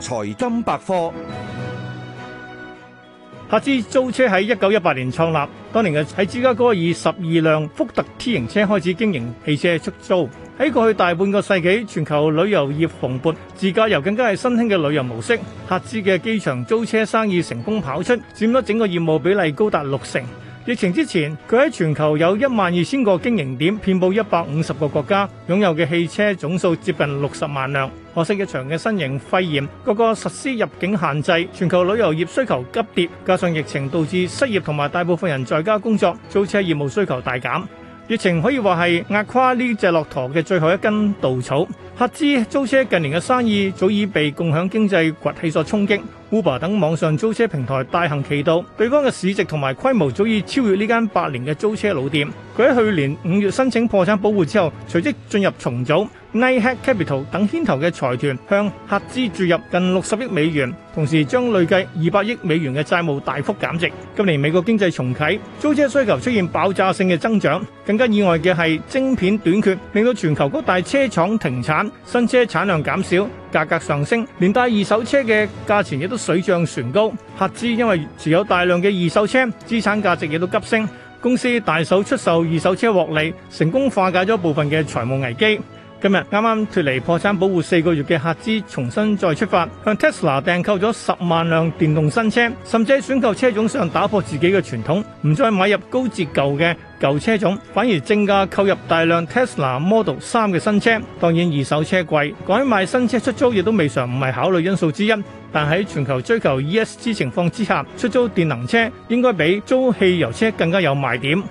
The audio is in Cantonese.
財金百科，赫茲租車喺一九一八年創立，當年嘅喺芝加哥以十二輛福特 T 型車開始經營汽車出租。喺過去大半個世紀，全球旅遊業蓬勃，自駕遊更加係新興嘅旅遊模式。赫茲嘅機場租車生意成功跑出，佔咗整個業務比例高達六成。疫情之前，佢喺全球有一萬二千個經營點，遍布一百五十個國家，擁有嘅汽車總數接近六十萬輛，可惜一場嘅新型肺炎，個個實施入境限制，全球旅遊業需求急跌，加上疫情導致失業同埋大部分人在家工作，租車業務需求大減，疫情可以話，係壓垮呢隻駱駝嘅最後一根稻草。赫茲租車近年嘅生意早已被共享經濟崛起所衝擊。Uber 等網上租車平台大行其道，對方嘅市值同埋規模早已超越呢間百年嘅租車老店。佢喺去年五月申請破產保護之後，隨即進入重組。Knighthead Capital 等牽頭嘅財團向客資注入近六十億美元，同時將累計二百億美元嘅債務大幅減值。今年美國經濟重啟，租車需求出現爆炸性嘅增長。更加意外嘅係晶片短缺，令到全球各大車廠停產，新車產量減少。價格上升，連帶二手車嘅價錢亦都水漲船高。赫茲因為持有大量嘅二手車，資產價值亦都急升。公司大手出售二手車獲利，成功化解咗部分嘅財務危機。今日啱啱脫離破產保護四個月嘅赫茲重新再出發，向 Tesla 訂購咗十萬輛電動新車，甚至喺選購車種上打破自己嘅傳統，唔再買入高折舊嘅舊車種，反而正價購入大量 Tesla Model 三嘅新車。當然二手車貴，改賣新車出租亦都未嘗唔係考慮因素之一。但喺全球追求 ESG 情況之下，出租電能車應該比租汽油車更加有賣點。